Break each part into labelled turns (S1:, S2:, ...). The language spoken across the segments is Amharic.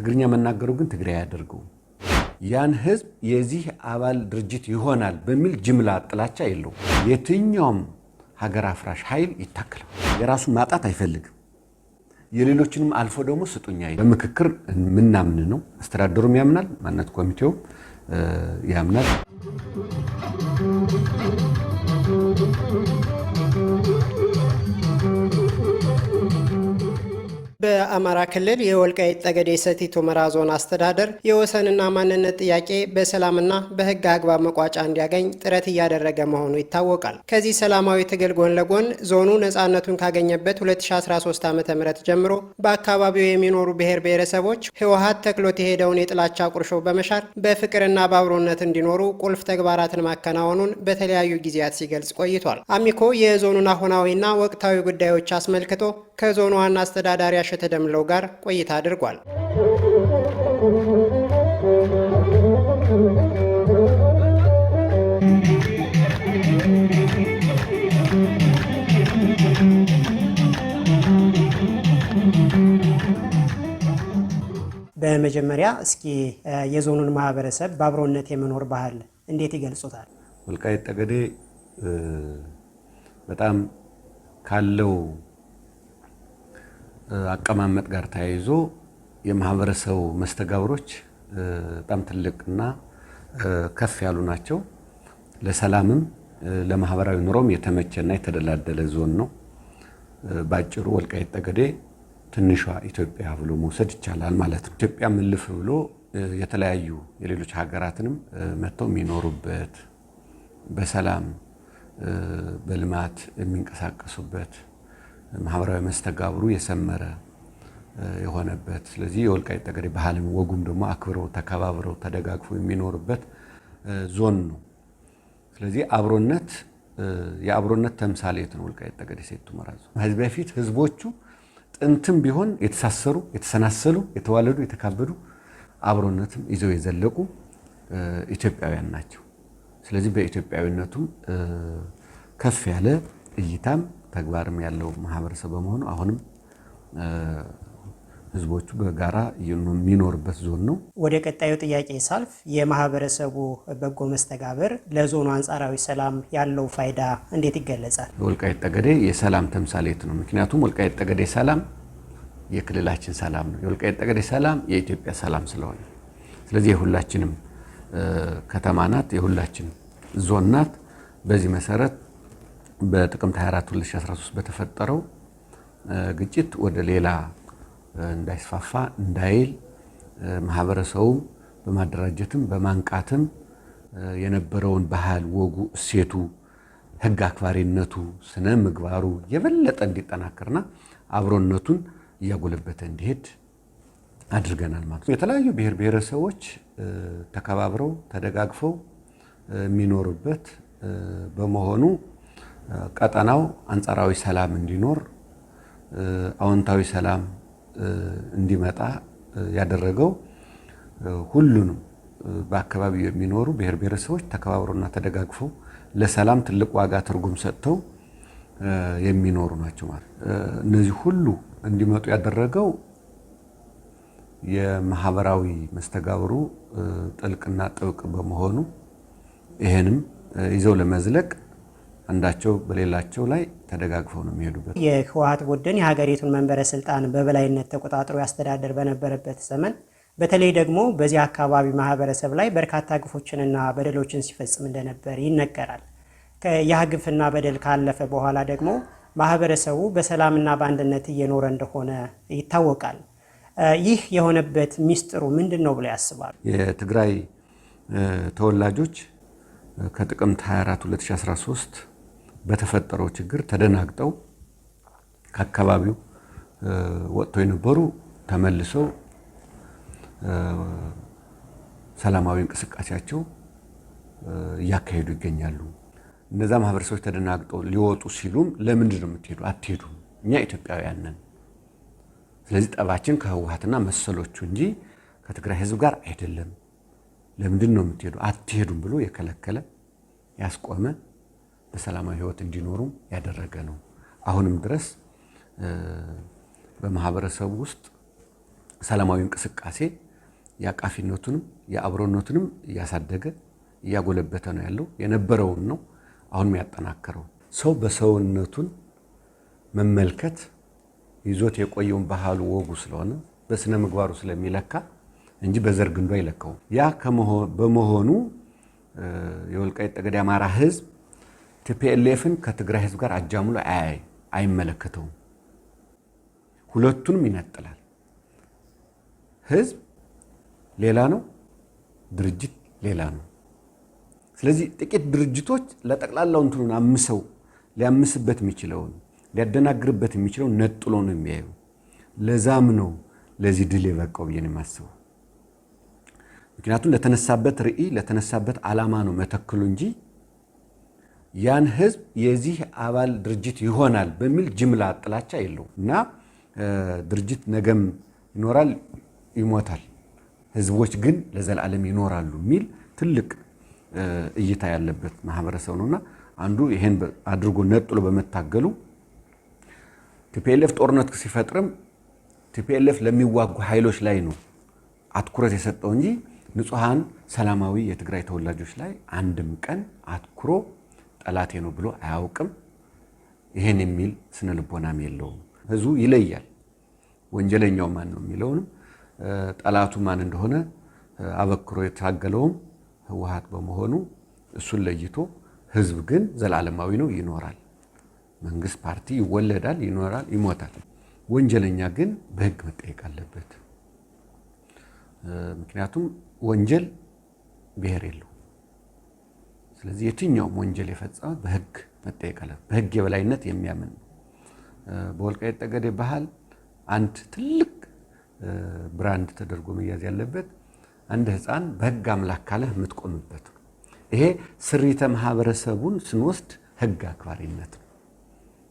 S1: ትግርኛ መናገሩ ግን ትግራይ አያደርገውም። ያን ህዝብ የዚህ አባል ድርጅት ይሆናል በሚል ጅምላ ጥላቻ የለው የትኛውም ሀገር አፍራሽ ኃይል ይታከላል። የራሱን ማጣት አይፈልግም። የሌሎችንም አልፎ ደግሞ ስጡኛ በምክክር ምናምን ነው። አስተዳደሩም ያምናል፣ ማነት ኮሚቴው ያምናል።
S2: በአማራ ክልል የወልቃይት ጠገዴ ሰቲት ሁመራ ዞን አስተዳደር የወሰንና ማንነት ጥያቄ በሰላምና በሕግ አግባብ መቋጫ እንዲያገኝ ጥረት እያደረገ መሆኑ ይታወቃል። ከዚህ ሰላማዊ ትግል ጎን ለጎን ዞኑ ነፃነቱን ካገኘበት 2013 ዓ ም ጀምሮ በአካባቢው የሚኖሩ ብሔር ብሔረሰቦች ህወሀት ተክሎት የሄደውን የጥላቻ ቁርሾ በመሻር በፍቅርና በአብሮነት እንዲኖሩ ቁልፍ ተግባራትን ማከናወኑን በተለያዩ ጊዜያት ሲገልጽ ቆይቷል። አሚኮ የዞኑን አሁናዊና ወቅታዊ ጉዳዮች አስመልክቶ ከዞኑ ዋና አስተዳዳሪ አሸተ ደምለው ጋር ቆይታ አድርጓል። በመጀመሪያ እስኪ የዞኑን ማህበረሰብ በአብሮነት የመኖር ባህል እንዴት ይገልጹታል?
S1: ወልቃይት ጠገዴ በጣም ካለው አቀማመጥ ጋር ተያይዞ የማህበረሰቡ መስተጋብሮች በጣም ትልቅና ከፍ ያሉ ናቸው። ለሰላምም ለማህበራዊ ኑሮም የተመቸና የተደላደለ ዞን ነው። በአጭሩ ወልቃይት ጠገዴ ትንሿ ኢትዮጵያ ብሎ መውሰድ ይቻላል ማለት ነው። ኢትዮጵያ ምልፍ ብሎ የተለያዩ የሌሎች ሀገራትንም መጥተው የሚኖሩበት በሰላም በልማት የሚንቀሳቀሱበት ማህበራዊ መስተጋብሩ የሰመረ የሆነበት ስለዚህ የወልቃይት ጠገዴ ባህልም ወጉም ደግሞ አክብረው ተከባብረው ተደጋግፎ የሚኖርበት ዞን ነው። ስለዚህ አብሮነት የአብሮነት ተምሳሌት ነው ወልቃይት ጠገዴ ሰቲት ሁመራ ዞን። በፊት ህዝቦቹ ጥንትም ቢሆን የተሳሰሩ፣ የተሰናሰሉ፣ የተዋለዱ፣ የተካበዱ አብሮነትም ይዘው የዘለቁ ኢትዮጵያውያን ናቸው። ስለዚህ በኢትዮጵያዊነቱም ከፍ ያለ እይታም ተግባርም ያለው ማህበረሰብ በመሆኑ አሁንም ህዝቦቹ በጋራ የሚኖርበት ዞን ነው።
S2: ወደ ቀጣዩ ጥያቄ ሳልፍ የማህበረሰቡ በጎ መስተጋብር ለዞኑ አንጻራዊ ሰላም ያለው ፋይዳ እንዴት ይገለጻል?
S1: ወልቃይት ጠገዴ የሰላም ተምሳሌት ነው። ምክንያቱም ወልቃይት ጠገዴ ሰላም የክልላችን ሰላም ነው። የወልቃይት ጠገዴ ሰላም የኢትዮጵያ ሰላም ስለሆነ ስለዚህ የሁላችንም ከተማ ናት፣ የሁላችን ዞን ናት። በዚህ መሰረት በጥቅምት 24 2013 በተፈጠረው ግጭት ወደ ሌላ እንዳይስፋፋ እንዳይል ማህበረሰቡም በማደራጀትም በማንቃትም የነበረውን ባህል፣ ወጉ፣ እሴቱ፣ ህግ አክባሪነቱ፣ ስነ ምግባሩ የበለጠ እንዲጠናከርና አብሮነቱን እያጎለበተ እንዲሄድ አድርገናል ማለት ነው። የተለያዩ ብሔር ብሔረሰቦች ተከባብረው ተደጋግፈው የሚኖሩበት በመሆኑ ቀጠናው አንጻራዊ ሰላም እንዲኖር አዎንታዊ ሰላም እንዲመጣ ያደረገው ሁሉንም በአካባቢው የሚኖሩ ብሔር ብሔረሰቦች ተከባብሮና ተደጋግፈው ለሰላም ትልቅ ዋጋ ትርጉም ሰጥተው የሚኖሩ ናቸው ማለት እነዚህ ሁሉ እንዲመጡ ያደረገው የማህበራዊ መስተጋብሩ ጥልቅና ጥብቅ በመሆኑ ይሄንም ይዘው ለመዝለቅ አንዳቸው በሌላቸው ላይ ተደጋግፈው ነው የሚሄዱበት።
S2: የህወሀት ቡድን የሀገሪቱን መንበረ ስልጣን በበላይነት ተቆጣጥሮ ያስተዳደር በነበረበት ዘመን በተለይ ደግሞ በዚህ አካባቢ ማህበረሰብ ላይ በርካታ ግፎችንና በደሎችን ሲፈጽም እንደነበር ይነገራል። ያ ግፍና በደል ካለፈ በኋላ ደግሞ ማህበረሰቡ በሰላምና በአንድነት እየኖረ እንደሆነ ይታወቃል። ይህ የሆነበት ሚስጥሩ ምንድን ነው ብሎ ያስባሉ?
S1: የትግራይ ተወላጆች ከጥቅምት 24 2013 በተፈጠረው ችግር ተደናግጠው ከአካባቢው ወጥተው የነበሩ ተመልሰው ሰላማዊ እንቅስቃሴያቸው እያካሄዱ ይገኛሉ። እነዛ ማህበረሰቦች ተደናግጠው ሊወጡ ሲሉም ለምንድን ነው የምትሄዱ? አትሄዱም፣ እኛ ኢትዮጵያውያን ነን። ስለዚህ ጠባችን ከህወሓትና መሰሎቹ እንጂ ከትግራይ ህዝብ ጋር አይደለም። ለምንድን ነው የምትሄዱ? አትሄዱም ብሎ የከለከለ ያስቆመ በሰላማዊ ህይወት እንዲኖሩ ያደረገ ነው። አሁንም ድረስ በማህበረሰቡ ውስጥ ሰላማዊ እንቅስቃሴ የአቃፊነቱንም የአብሮነቱንም እያሳደገ እያጎለበተ ነው ያለው። የነበረውን ነው አሁንም ያጠናከረው። ሰው በሰውነቱን መመልከት ይዞት የቆየውን ባህሉ ወጉ ስለሆነ በስነ ምግባሩ ስለሚለካ እንጂ በዘር ግንዱ አይለካውም። ያ በመሆኑ የወልቃይት ጠገዴ አማራ ህዝብ ቲፒኤልኤፍን ከትግራይ ህዝብ ጋር አጃምሎ አያይ አይመለከተውም። ሁለቱንም ይነጥላል። ህዝብ ሌላ ነው፣ ድርጅት ሌላ ነው። ስለዚህ ጥቂት ድርጅቶች ለጠቅላላው እንትኑን አምሰው ሊያምስበት የሚችለውን ሊያደናግርበት የሚችለውን ነጥሎ ነው የሚያዩ። ለዛም ነው ለዚህ ድል የበቃው ብዬ ነው የማስበው። ምክንያቱም ለተነሳበት ርእይ ለተነሳበት ዓላማ ነው መተክሉ እንጂ ያን ህዝብ የዚህ አባል ድርጅት ይሆናል በሚል ጅምላ ጥላቻ የለው እና ድርጅት ነገም ይኖራል ይሞታል፣ ህዝቦች ግን ለዘላለም ይኖራሉ የሚል ትልቅ እይታ ያለበት ማህበረሰብ ነውና አንዱ ይሄን አድርጎ ነጥሎ በመታገሉ ቲፒኤልኤፍ ጦርነት ሲፈጥርም ቲፒኤልኤፍ ለሚዋጉ ኃይሎች ላይ ነው አትኩረት የሰጠው እንጂ ንጹሐን ሰላማዊ የትግራይ ተወላጆች ላይ አንድም ቀን አትኩሮ ጠላቴ ነው ብሎ አያውቅም። ይሄን የሚል ስነ ልቦናም የለውም። ህዝቡ ይለያል። ወንጀለኛው ማን ነው የሚለውንም ጠላቱ ማን እንደሆነ አበክሮ የታገለውም ህወሓት በመሆኑ እሱን ለይቶ ህዝብ ግን ዘላለማዊ ነው፣ ይኖራል። መንግስት ፓርቲ ይወለዳል፣ ይኖራል፣ ይሞታል። ወንጀለኛ ግን በህግ መጠየቅ አለበት። ምክንያቱም ወንጀል ብሔር የለው ስለዚህ የትኛውም ወንጀል የፈጸመ በህግ መጠየቅ አለ በህግ የበላይነት የሚያምን ነው። በወልቃይት ጠገዴ ባህል አንድ ትልቅ ብራንድ ተደርጎ መያዝ ያለበት አንድ ህፃን በህግ አምላክ ካለህ የምትቆምበት ይሄ ስሪተ ማህበረሰቡን ስንወስድ ህግ አክባሪነት ነው።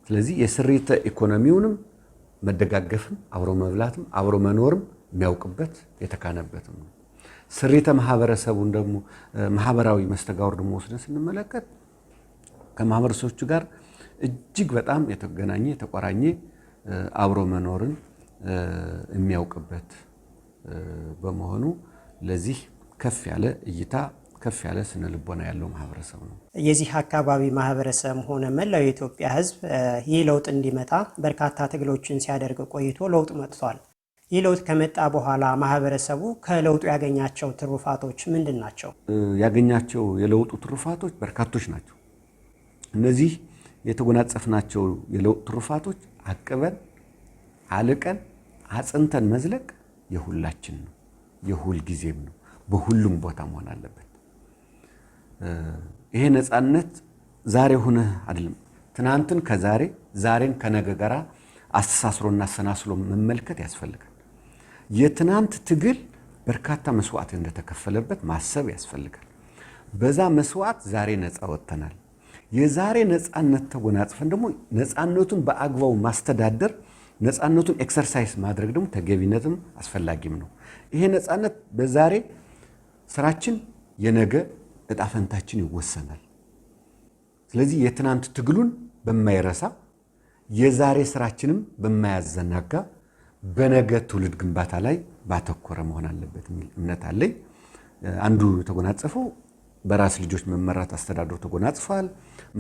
S1: ስለዚህ የስሪተ ኢኮኖሚውንም መደጋገፍም አብሮ መብላትም አብሮ መኖርም የሚያውቅበት የተካነበትም ነው። ስሪተ ማህበረሰቡን ደግሞ ማህበራዊ መስተጋወር ደግሞ ወስደን ስንመለከት ከማህበረሰቦቹ ጋር እጅግ በጣም የተገናኘ የተቆራኘ አብሮ መኖርን የሚያውቅበት በመሆኑ ለዚህ ከፍ ያለ እይታ ከፍ ያለ ስነ ልቦና ያለው ማህበረሰብ ነው።
S2: የዚህ አካባቢ ማህበረሰብ ሆነ መላው የኢትዮጵያ ሕዝብ ይህ ለውጥ እንዲመጣ በርካታ ትግሎችን ሲያደርግ ቆይቶ ለውጥ መጥቷል። ይህ ለውጥ ከመጣ በኋላ ማህበረሰቡ ከለውጡ ያገኛቸው ትሩፋቶች ምንድን ናቸው?
S1: ያገኛቸው የለውጡ ትሩፋቶች በርካቶች ናቸው። እነዚህ የተጎናጸፍናቸው የለውጥ ትሩፋቶች አቅበን አልቀን አጽንተን መዝለቅ የሁላችን ነው፣ የሁል ጊዜም ነው። በሁሉም ቦታ መሆን አለበት። ይሄ ነፃነት ዛሬ ሆነ አይደለም፣ ትናንትን ከዛሬ ዛሬን ከነገ ጋር አስተሳስሮና አሰናስሎ መመልከት ያስፈልጋል። የትናንት ትግል በርካታ መስዋዕት እንደተከፈለበት ማሰብ ያስፈልጋል። በዛ መስዋዕት ዛሬ ነፃ ወጥተናል። የዛሬ ነፃነት ተጎናጽፈን ደግሞ ነፃነቱን በአግባቡ ማስተዳደር ነፃነቱን ኤክሰርሳይዝ ማድረግ ደግሞ ተገቢነትም አስፈላጊም ነው። ይሄ ነፃነት በዛሬ ስራችን የነገ እጣፈንታችን ይወሰናል። ስለዚህ የትናንት ትግሉን በማይረሳ የዛሬ ስራችንም በማያዘናጋ በነገ ትውልድ ግንባታ ላይ ባተኮረ መሆን አለበት የሚል እምነት አለኝ። አንዱ የተጎናጸፈው በራስ ልጆች መመራት አስተዳደሩ ተጎናጽፏል።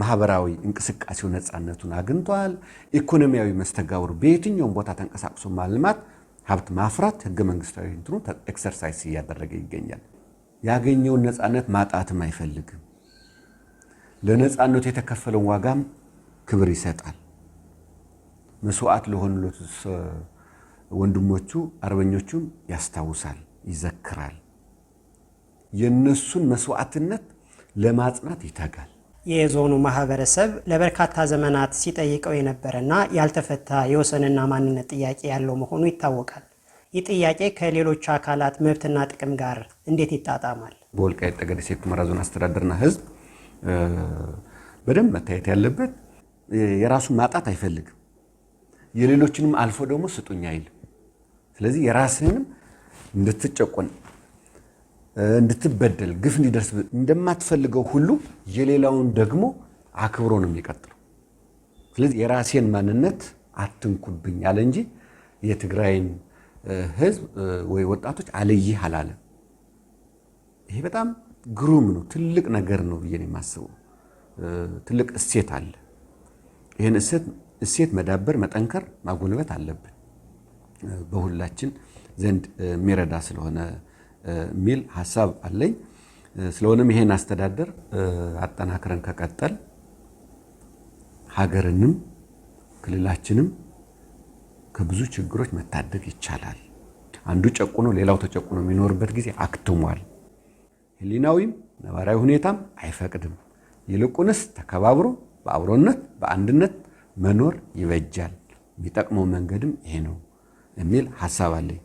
S1: ማህበራዊ እንቅስቃሴው ነፃነቱን አግኝቷል። ኢኮኖሚያዊ መስተጋብሩ በየትኛውም ቦታ ተንቀሳቅሶ ማልማት፣ ሀብት ማፍራት ህገ መንግስታዊ እንትኑ ኤክሰርሳይዝ እያደረገ ይገኛል። ያገኘውን ነፃነት ማጣትም አይፈልግም። ለነፃነቱ የተከፈለውን ዋጋም ክብር ይሰጣል። መስዋዕት ለሆኑለት ወንድሞቹ አርበኞቹን ያስታውሳል፣ ይዘክራል። የእነሱን መስዋዕትነት ለማጽናት ይተጋል።
S2: የዞኑ ማህበረሰብ ለበርካታ ዘመናት ሲጠይቀው የነበረና ያልተፈታ የወሰንና ማንነት ጥያቄ ያለው መሆኑ ይታወቃል። ይህ ጥያቄ ከሌሎች አካላት መብትና ጥቅም ጋር እንዴት ይጣጣማል?
S1: በወልቃይት ጠገዴ ሰቲት ሁመራ ዞን አስተዳደርና ህዝብ በደንብ መታየት ያለበት የራሱን ማጣት አይፈልግም። የሌሎችንም አልፎ ደግሞ ስጡኝ አይልም። ስለዚህ የራስህንም እንድትጨቆን እንድትበደል ግፍ እንዲደርስ እንደማትፈልገው ሁሉ የሌላውን ደግሞ አክብሮ ነው የሚቀጥለው። ስለዚህ የራሴን ማንነት አትንኩብኝ አለ እንጂ የትግራይን ህዝብ ወይ ወጣቶች አለይህ አላለም። ይሄ በጣም ግሩም ነው፣ ትልቅ ነገር ነው ብዬ የማስበው። ትልቅ እሴት አለ። ይህን እሴት መዳበር፣ መጠንከር፣ ማጎልበት አለብን። በሁላችን ዘንድ የሚረዳ ስለሆነ የሚል ሀሳብ አለኝ። ስለሆነም ይሄን አስተዳደር አጠናክረን ከቀጠል ሀገርንም ክልላችንም ከብዙ ችግሮች መታደግ ይቻላል። አንዱ ጨቁኖ ሌላው ተጨቁኖ የሚኖርበት ጊዜ አክትሟል። ህሊናዊም ነባራዊ ሁኔታም አይፈቅድም። ይልቁንስ ተከባብሮ በአብሮነት በአንድነት መኖር ይበጃል። የሚጠቅመው መንገድም ይሄ ነው። የሚል ሀሳብ አለኝ።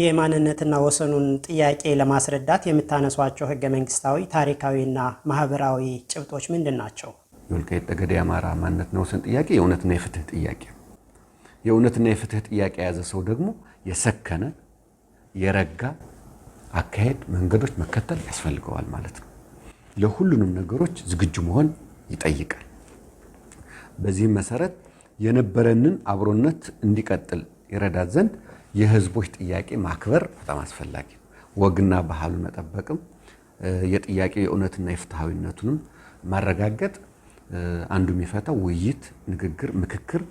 S2: የማንነትና ወሰኑን ጥያቄ ለማስረዳት የምታነሷቸው ህገ መንግስታዊ፣ ታሪካዊና ማህበራዊ ጭብጦች ምንድን ናቸው?
S1: የወልቃይት ጠገዴ የአማራ ማንነትና ወሰን ጥያቄ የእውነትና የፍትህ ጥያቄ የእውነትና የፍትህ ጥያቄ የያዘ ሰው ደግሞ የሰከነ የረጋ አካሄድ መንገዶች መከተል ያስፈልገዋል ማለት ነው። ለሁሉንም ነገሮች ዝግጁ መሆን ይጠይቃል። በዚህም መሰረት የነበረንን አብሮነት እንዲቀጥል ይረዳት ዘንድ የህዝቦች ጥያቄ ማክበር በጣም አስፈላጊ ነው። ወግና ባህሉን መጠበቅም የጥያቄ የእውነትና የፍትሐዊነቱንም ማረጋገጥ አንዱ የሚፈታው ውይይት፣ ንግግር፣ ምክክር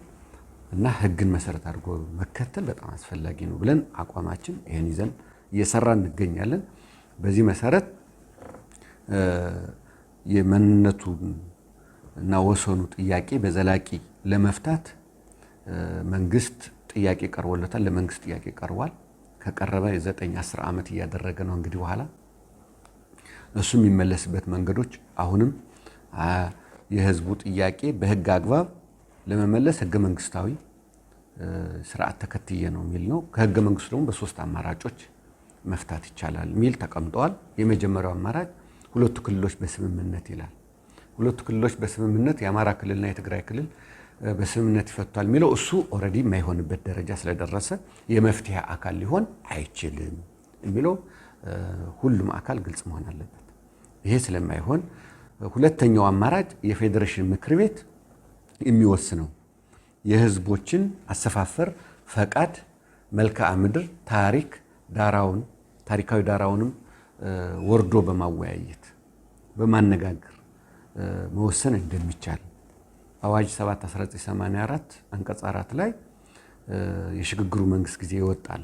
S1: እና ህግን መሰረት አድርጎ መከተል በጣም አስፈላጊ ነው ብለን አቋማችን ይህን ይዘን እየሰራ እንገኛለን። በዚህ መሰረት የማንነቱን እና ወሰኑ ጥያቄ በዘላቂ ለመፍታት መንግስት ጥያቄ ቀርቦለታል። ለመንግስት ጥያቄ ቀርቧል። ከቀረበ የዘጠኝ አስር ዓመት እያደረገ ነው እንግዲህ በኋላ እሱ የሚመለስበት መንገዶች አሁንም የህዝቡ ጥያቄ በህግ አግባብ ለመመለስ ህገ መንግስታዊ ስርዓት ተከትዬ ነው የሚል ነው። ከህገ መንግስቱ ደግሞ በሶስት አማራጮች መፍታት ይቻላል የሚል ተቀምጠዋል። የመጀመሪያው አማራጭ ሁለቱ ክልሎች በስምምነት ይላል። ሁለቱ ክልሎች በስምምነት የአማራ ክልልና የትግራይ ክልል በስምምነት ይፈቷል የሚለው እሱ ኦልሬዲ የማይሆንበት ደረጃ ስለደረሰ የመፍትሄ አካል ሊሆን አይችልም የሚለው ሁሉም አካል ግልጽ መሆን አለበት። ይሄ ስለማይሆን ሁለተኛው አማራጭ የፌዴሬሽን ምክር ቤት የሚወስነው የህዝቦችን አሰፋፈር፣ ፈቃድ፣ መልክዓ ምድር፣ ታሪክ ዳራውን ታሪካዊ ዳራውንም ወርዶ በማወያየት በማነጋገር መወሰን እንደሚቻል አዋጅ 7 1984 አንቀጽ 4 ላይ የሽግግሩ መንግስት ጊዜ ይወጣል።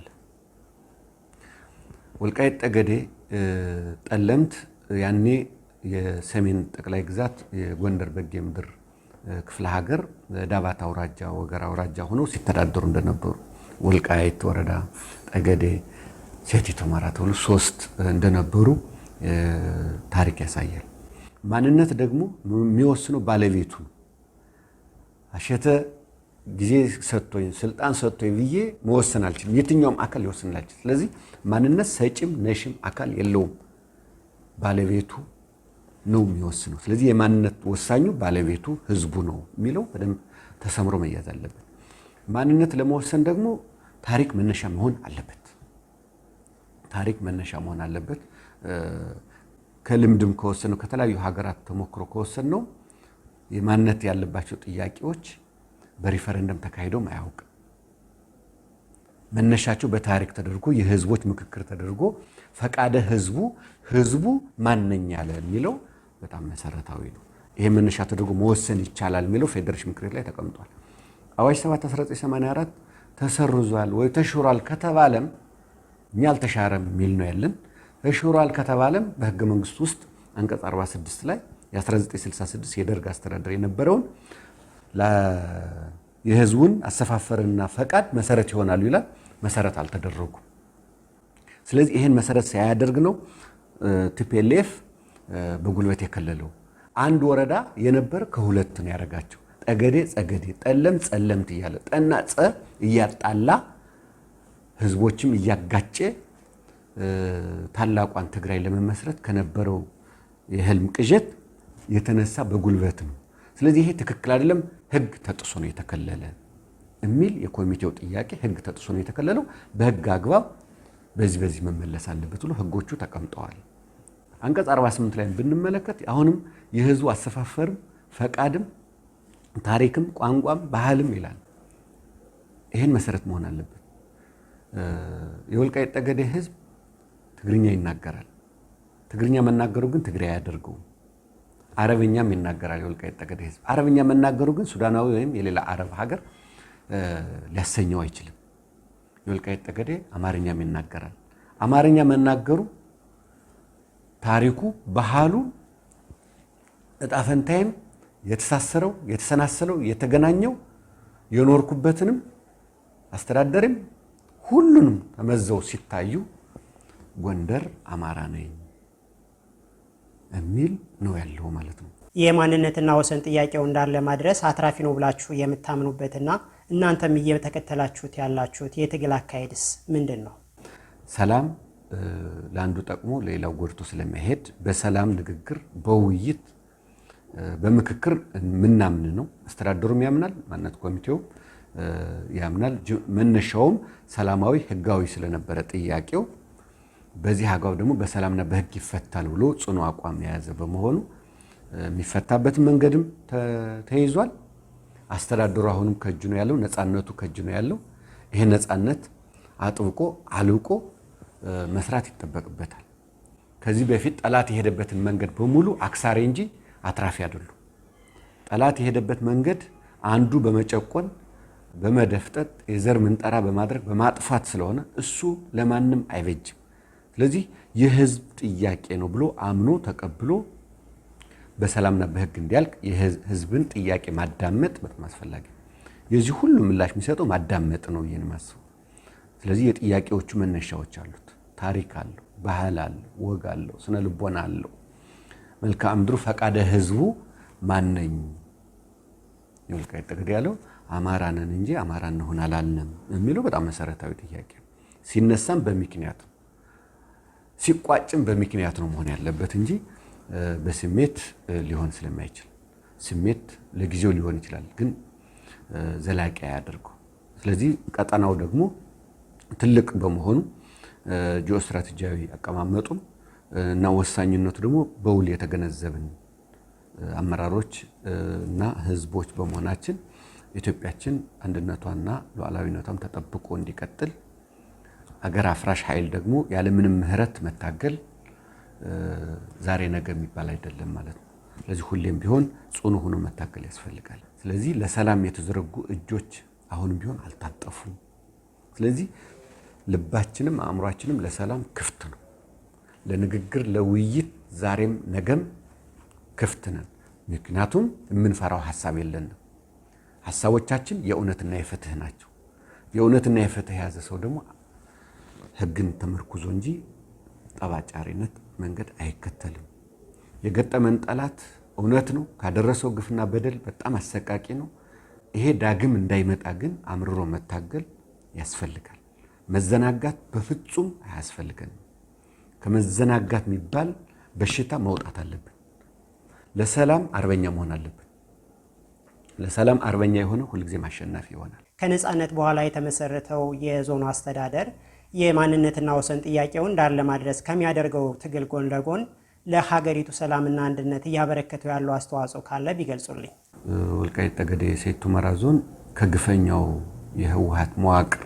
S1: ወልቃይት ጠገዴ፣ ጠለምት ያኔ የሰሜን ጠቅላይ ግዛት የጎንደር በጌ ምድር ክፍለ ሀገር ዳባት አውራጃ፣ ወገራ አውራጃ ሆነው ሲተዳደሩ እንደነበሩ ወልቃይት ወረዳ፣ ጠገዴ፣ ሴቲት ሁመራ ተብሎ ሶስት እንደነበሩ ታሪክ ያሳያል። ማንነት ደግሞ የሚወስነው ባለቤቱ ነው። አሸተ ጊዜ ሰጥቶኝ ስልጣን ሰጥቶኝ ብዬ መወሰን አልችልም። የትኛውም አካል ሊወስን አልችልም። ስለዚህ ማንነት ሰጭም ነሽም አካል የለውም። ባለቤቱ ነው የሚወስነው። ስለዚህ የማንነት ወሳኙ ባለቤቱ ህዝቡ ነው የሚለው በደንብ ተሰምሮ መያዝ አለበት። ማንነት ለመወሰን ደግሞ ታሪክ መነሻ መሆን አለበት። ታሪክ መነሻ መሆን አለበት። ከልምድም ከወሰነው ከተለያዩ ሀገራት ተሞክሮ ከወሰን ነው የማንነት ያለባቸው ጥያቄዎች በሪፈረንደም ተካሂዶም አያውቅም። መነሻቸው በታሪክ ተደርጎ የህዝቦች ምክክር ተደርጎ ፈቃደ ህዝቡ ህዝቡ ማነኝ ያለ የሚለው በጣም መሰረታዊ ነው። ይህ መነሻ ተደርጎ መወሰን ይቻላል የሚለው ፌዴሬሽን ምክር ቤት ላይ ተቀምጧል። አዋጅ 7 1984 ተሰርዟል ወይ ተሽሯል ከተባለም እኛ አልተሻረም የሚል ነው ያለን። ተሽሯል ከተባለም በህገ መንግስት ውስጥ አንቀጽ 46 ላይ የ1966 የደርግ አስተዳደር የነበረውን የህዝቡን አሰፋፈርና ፈቃድ መሰረት ይሆናሉ ይላል። መሰረት አልተደረጉም። ስለዚህ ይህን መሰረት ሳያደርግ ነው ቲፒኤልኤፍ በጉልበት የከለለው። አንድ ወረዳ የነበር ከሁለት ነው ያደረጋቸው። ጠገዴ ጸገዴ፣ ጠለም ጸለምት እያለ ጠና ጸ እያጣላ ህዝቦችም እያጋጨ ታላቋን ትግራይ ለመመስረት ከነበረው የህልም ቅዠት የተነሳ በጉልበት ነው። ስለዚህ ይሄ ትክክል አይደለም፣ ህግ ተጥሶ ነው የተከለለ የሚል የኮሚቴው ጥያቄ ህግ ተጥሶ ነው የተከለለው፣ በህግ አግባብ በዚህ በዚህ መመለስ አለበት ብሎ ህጎቹ ተቀምጠዋል። አንቀጽ 48 ላይ ብንመለከት አሁንም የህዝቡ አሰፋፈርም ፈቃድም ታሪክም ቋንቋም ባህልም ይላል። ይህን መሰረት መሆን አለበት። የወልቃይት ጠገዴ ህዝብ ትግርኛ ይናገራል። ትግርኛ መናገሩ ግን ትግሬ አያደርገውም። አረብኛም ይናገራል የወልቃይት ጠገዴ ህዝብ። አረብኛ መናገሩ ግን ሱዳናዊ ወይም የሌላ አረብ ሀገር ሊያሰኘው አይችልም። የወልቃይት ጠገዴ አማርኛም ይናገራል። አማርኛ መናገሩ ታሪኩ፣ ባህሉ፣ እጣፈንታይም የተሳሰረው የተሰናሰለው የተገናኘው የኖርኩበትንም አስተዳደርም ሁሉንም ተመዘው ሲታዩ ጎንደር አማራ ነኝ የሚል ነው ያለው ማለት ነው።
S2: የማንነትና ወሰን ጥያቄው እንዳለ ማድረስ አትራፊ ነው ብላችሁ የምታምኑበትና እናንተም እየተከተላችሁት ያላችሁት የትግል አካሄድስ ምንድን ነው?
S1: ሰላም ለአንዱ ጠቅሞ ሌላው ጎድቶ ስለሚያሄድ በሰላም ንግግር፣ በውይይት በምክክር ምናምን ነው። አስተዳደሩም ያምናል፣ ማንነት ኮሚቴው ያምናል። መነሻውም ሰላማዊ ህጋዊ ስለነበረ ጥያቄው በዚህ አግባብ ደግሞ በሰላምና በህግ ይፈታል ብሎ ጽኑ አቋም የያዘ በመሆኑ የሚፈታበት መንገድም ተይዟል። አስተዳደሩ አሁንም ከእጅ ነው ያለው፣ ነፃነቱ ከእጅ ነው ያለው። ይሄ ነፃነት አጥብቆ አልብቆ መስራት ይጠበቅበታል። ከዚህ በፊት ጠላት የሄደበትን መንገድ በሙሉ አክሳሪ እንጂ አትራፊ አይደሉ። ጠላት የሄደበት መንገድ አንዱ በመጨቆን በመደፍጠጥ የዘር ምንጠራ በማድረግ በማጥፋት ስለሆነ እሱ ለማንም አይበጅም። ስለዚህ የህዝብ ጥያቄ ነው ብሎ አምኖ ተቀብሎ በሰላምና በህግ እንዲያልቅ የህዝብን ጥያቄ ማዳመጥ በጣም አስፈላጊ ነው። የዚህ ሁሉ ምላሽ የሚሰጠው ማዳመጥ ነው ብዬ ነው የማስበው። ስለዚህ የጥያቄዎቹ መነሻዎች አሉት፣ ታሪክ አለው፣ ባህል አለው፣ ወግ አለው፣ ስነ ልቦና አለው። መልክዓ ምድሩ ፈቃደ ህዝቡ ማነኝ የወልቃይት ጠገዴ ያለው አማራ ነን እንጂ አማራ እንሆን አላልንም የሚለው በጣም መሰረታዊ ጥያቄ ነው። ሲነሳም በምክንያት ሲቋጭም በምክንያት ነው መሆን ያለበት እንጂ በስሜት ሊሆን ስለማይችል ስሜት ለጊዜው ሊሆን ይችላል፣ ግን ዘላቂ አያደርጉ። ስለዚህ ቀጠናው ደግሞ ትልቅ በመሆኑ ጂኦ ስትራቴጂያዊ አቀማመጡም እና ወሳኝነቱ ደግሞ በውል የተገነዘብን አመራሮች እና ህዝቦች በመሆናችን ኢትዮጵያችን አንድነቷና ሉዓላዊነቷም ተጠብቆ እንዲቀጥል ሀገር አፍራሽ ኃይል ደግሞ ያለምንም ምህረት መታገል ዛሬ ነገ የሚባል አይደለም ማለት ነው። ስለዚህ ሁሌም ቢሆን ጽኑ ሆኖ መታገል ያስፈልጋል። ስለዚህ ለሰላም የተዘረጉ እጆች አሁንም ቢሆን አልታጠፉም። ስለዚህ ልባችንም አእምሯችንም ለሰላም ክፍት ነው፣ ለንግግር ለውይይት ዛሬም ነገም ክፍት ነን። ምክንያቱም የምንፈራው ሀሳብ የለንም። ሀሳቦቻችን የእውነትና የፍትህ ናቸው። የእውነትና የፍትህ የያዘ ሰው ደግሞ ህግን ተመርኩዞ እንጂ ጠባጫሪነት መንገድ አይከተልም። የገጠመን ጠላት እውነት ነው፣ ካደረሰው ግፍና በደል በጣም አሰቃቂ ነው። ይሄ ዳግም እንዳይመጣ ግን አምርሮ መታገል ያስፈልጋል። መዘናጋት በፍጹም አያስፈልገንም። ከመዘናጋት የሚባል በሽታ መውጣት አለብን። ለሰላም አርበኛ መሆን አለብን። ለሰላም አርበኛ የሆነ ሁልጊዜም አሸናፊ ይሆናል።
S2: ከነፃነት በኋላ የተመሰረተው የዞኑ አስተዳደር የማንነትና ወሰን ጥያቄውን ዳር ለማድረስ ከሚያደርገው ትግል ጎን ለጎን ለሀገሪቱ ሰላምና አንድነት እያበረከተው ያለው አስተዋጽኦ ካለ ቢገልጹልኝ።
S1: ወልቃይት ጠገዴ ሰቲት ሁመራ ዞን ከግፈኛው የህወሀት መዋቅር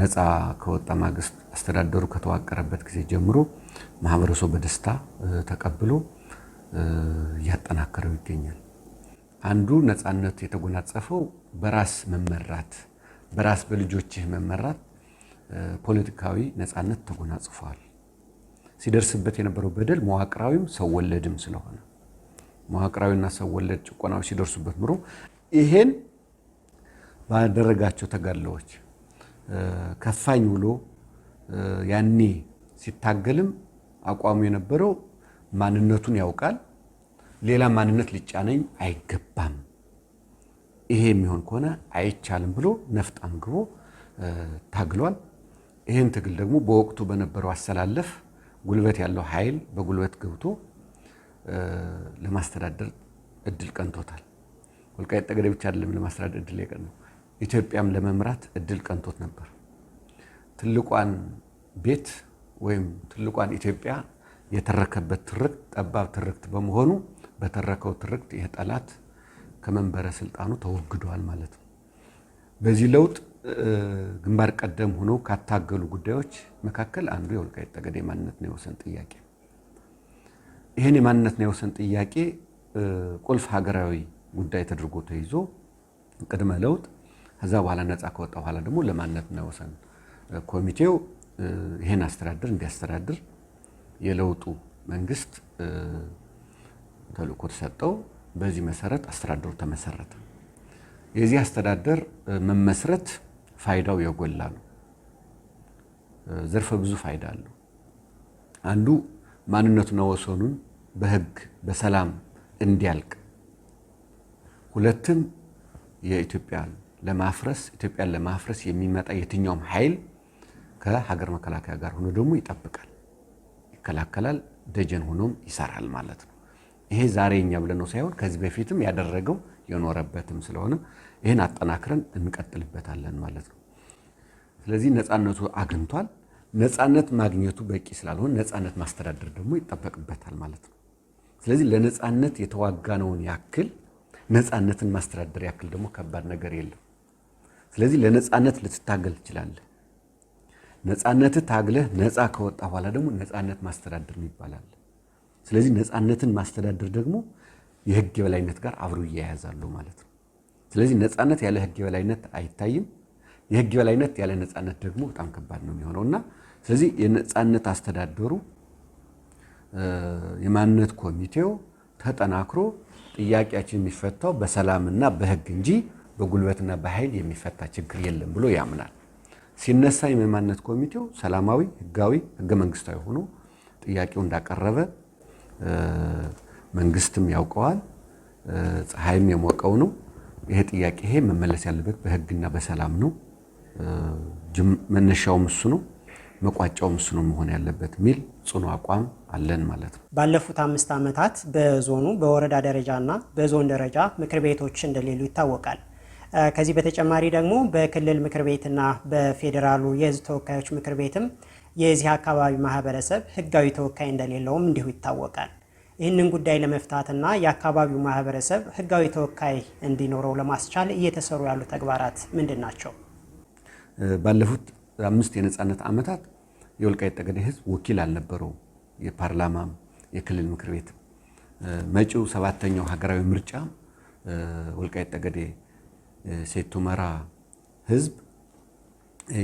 S1: ነፃ ከወጣ ማግስት አስተዳደሩ ከተዋቀረበት ጊዜ ጀምሮ ማህበረሰቡ በደስታ ተቀብሎ እያጠናከረው ይገኛል። አንዱ ነፃነት የተጎናጸፈው በራስ መመራት በራስ በልጆችህ መመራት ፖለቲካዊ ነፃነት ተጎናጽፏል። ሲደርስበት የነበረው በደል መዋቅራዊም ሰው ወለድም ስለሆነ መዋቅራዊና ሰው ወለድ ጭቆናዊ ሲደርሱበት ምሮ ይሄን ባደረጋቸው ተጋድሎዎች ከፋኝ ብሎ ያኔ ሲታገልም አቋሙ የነበረው ማንነቱን ያውቃል። ሌላ ማንነት ሊጫነኝ አይገባም ይሄ የሚሆን ከሆነ አይቻልም ብሎ ነፍጥ አንግቦ ታግሏል። ይህን ትግል ደግሞ በወቅቱ በነበረው አሰላለፍ ጉልበት ያለው ኃይል በጉልበት ገብቶ ለማስተዳደር እድል ቀንቶታል። ወልቃይት ጠገዴ ብቻ አይደለም ለማስተዳደር እድል የቀን ነው፣ ኢትዮጵያም ለመምራት እድል ቀንቶት ነበር። ትልቋን ቤት ወይም ትልቋን ኢትዮጵያ የተረከበት ትርክት ጠባብ ትርክት በመሆኑ በተረከው ትርክት ይህ ጠላት ከመንበረ ስልጣኑ ተወግደዋል ማለት ነው። በዚህ ለውጥ ግንባር ቀደም ሆነው ካታገሉ ጉዳዮች መካከል አንዱ የወልቃይት ጠገዴ የማንነትና የወሰን ጥያቄ ይህን የማንነትና የወሰን ጥያቄ ቁልፍ ሀገራዊ ጉዳይ ተደርጎ ተይዞ ቅድመ ለውጥ ከዛ በኋላ ነፃ ከወጣ በኋላ ደግሞ ለማንነትና የወሰን ኮሚቴው ይህን አስተዳደር እንዲያስተዳድር የለውጡ መንግስት ተልእኮ ተሰጠው። በዚህ መሰረት አስተዳደሩ ተመሰረተ። የዚህ አስተዳደር መመስረት ፋይዳው የጎላ ነው። ዘርፈ ብዙ ፋይዳ አለው። አንዱ ማንነቱና ወሰኑን በህግ በሰላም እንዲያልቅ፣ ሁለትም የኢትዮጵያን ለማፍረስ ኢትዮጵያን ለማፍረስ የሚመጣ የትኛውም ኃይል ከሀገር መከላከያ ጋር ሆኖ ደግሞ ይጠብቃል፣ ይከላከላል፣ ደጀን ሆኖም ይሰራል ማለት ነው። ይሄ ዛሬ እኛ ብለን ነው ሳይሆን ከዚህ በፊትም ያደረገው የኖረበትም ስለሆነ ይህን አጠናክረን እንቀጥልበታለን ማለት ነው። ስለዚህ ነፃነቱ አግኝቷል። ነፃነት ማግኘቱ በቂ ስላልሆነ ነፃነት ማስተዳደር ደግሞ ይጠበቅበታል ማለት ነው። ስለዚህ ለነፃነት የተዋጋነውን ያክል ነፃነትን ማስተዳደር ያክል ደግሞ ከባድ ነገር የለም። ስለዚህ ለነፃነት ልትታገል ትችላለህ። ነፃነት ታግለህ ነፃ ከወጣ በኋላ ደግሞ ነፃነት ማስተዳደር ይባላል። ስለዚህ ነፃነትን ማስተዳደር ደግሞ የህግ የበላይነት ጋር አብሮ እያያዛሉ ማለት ነው። ስለዚህ ነፃነት ያለ ህግ የበላይነት አይታይም። የህግ የበላይነት ያለ ነፃነት ደግሞ በጣም ከባድ ነው የሚሆነው እና ስለዚህ የነፃነት አስተዳደሩ የማንነት ኮሚቴው ተጠናክሮ ጥያቄያችን የሚፈታው በሰላምና በህግ እንጂ በጉልበትና በኃይል የሚፈታ ችግር የለም ብሎ ያምናል። ሲነሳ የማንነት ኮሚቴው ሰላማዊ፣ ህጋዊ፣ ህገ መንግስታዊ ሆኖ ጥያቄው እንዳቀረበ መንግስትም ያውቀዋል፣ ፀሐይም የሞቀው ነው። ይሄ ጥያቄ ይሄ መመለስ ያለበት በህግና በሰላም ነው። መነሻውም እሱ ነው፣ መቋጫውም እሱ ነው መሆን ያለበት የሚል ጽኑ አቋም አለን ማለት ነው።
S2: ባለፉት አምስት ዓመታት በዞኑ በወረዳ ደረጃና በዞን ደረጃ ምክር ቤቶች እንደሌሉ ይታወቃል። ከዚህ በተጨማሪ ደግሞ በክልል ምክር ቤትና በፌዴራሉ የህዝብ ተወካዮች ምክር ቤትም የዚህ አካባቢ ማህበረሰብ ህጋዊ ተወካይ እንደሌለውም እንዲሁ ይታወቃል። ይህንን ጉዳይ ለመፍታትና የአካባቢው ማህበረሰብ ህጋዊ ተወካይ እንዲኖረው ለማስቻል እየተሰሩ ያሉ ተግባራት ምንድን ናቸው?
S1: ባለፉት አምስት የነፃነት ዓመታት የወልቃይት ጠገዴ ህዝብ ወኪል አልነበረው የፓርላማ የክልል ምክር ቤት መጪው ሰባተኛው ሀገራዊ ምርጫ ወልቃይት ጠገዴ ሴት ሁመራ ህዝብ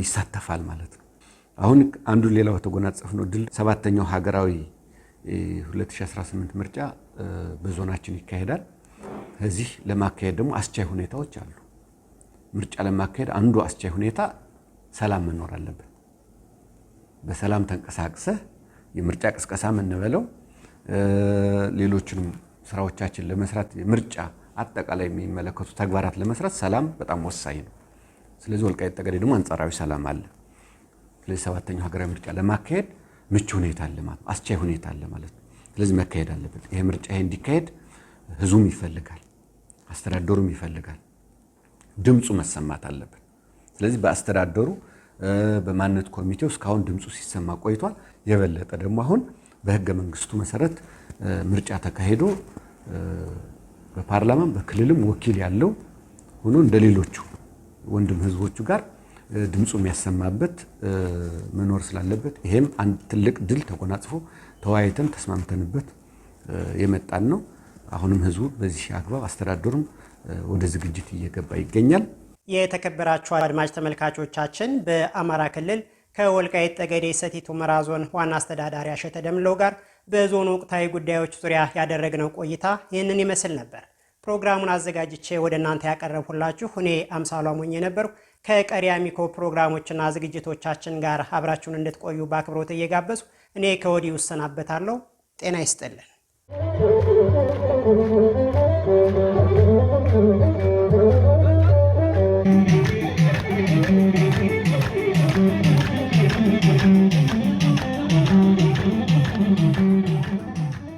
S1: ይሳተፋል ማለት ነው። አሁን አንዱ ሌላው ነው ድል ሰባተኛው ሀገራዊ 2018 ምርጫ በዞናችን ይካሄዳል። ከዚህ ለማካሄድ ደግሞ አስቻይ ሁኔታዎች አሉ። ምርጫ ለማካሄድ አንዱ አስቻይ ሁኔታ ሰላም መኖር አለበት። በሰላም ተንቀሳቅሰህ የምርጫ ቅስቀሳ የምንበለው ሌሎችንም ስራዎቻችን ለመስራት የምርጫ አጠቃላይ የሚመለከቱ ተግባራት ለመስራት ሰላም በጣም ወሳኝ ነው። ስለዚህ ወልቃይት ጠገዴ ደግሞ አንጻራዊ ሰላም አለ። ስለዚህ ሰባተኛው ሀገራዊ ምርጫ ለማካሄድ ምቹ ሁኔታ አለ ማለት አስቻይ ሁኔታ አለ ማለት ነው። ስለዚህ መካሄድ አለበት። ይሄ ምርጫ ይሄ እንዲካሄድ ህዝቡም ይፈልጋል፣ አስተዳደሩም ይፈልጋል፣ ድምፁ መሰማት አለበት። ስለዚህ በአስተዳደሩ በማንነት ኮሚቴው እስካሁን ድምፁ ሲሰማ ቆይቷል። የበለጠ ደግሞ አሁን በህገ መንግስቱ መሰረት ምርጫ ተካሂዶ በፓርላማም በክልልም ወኪል ያለው ሆኖ እንደሌሎቹ ወንድም ህዝቦቹ ጋር ድምፁ የሚያሰማበት መኖር ስላለበት ይሄም አንድ ትልቅ ድል ተጎናጽፎ ተወያይተን ተስማምተንበት የመጣን ነው። አሁንም ህዝቡ በዚህ አግባብ አስተዳደሩም ወደ ዝግጅት እየገባ ይገኛል።
S2: የተከበራችሁ አድማጭ ተመልካቾቻችን በአማራ ክልል ከወልቃይት ጠገዴ ሰቲት ሁመራ ዞን ዋና አስተዳዳሪ አሸተ ደምለው ጋር በዞኑ ወቅታዊ ጉዳዮች ዙሪያ ያደረግነው ቆይታ ይህንን ይመስል ነበር። ፕሮግራሙን አዘጋጅቼ ወደ እናንተ ያቀረብሁላችሁ እኔ አምሳሉ አሞኜ ነበርኩ። ከቀሪ አሚኮ ፕሮግራሞችና ዝግጅቶቻችን ጋር አብራችሁን እንድትቆዩ በአክብሮት እየጋበዙ እኔ ከወዲሁ እሰናበታለሁ። ጤና ይስጥልን።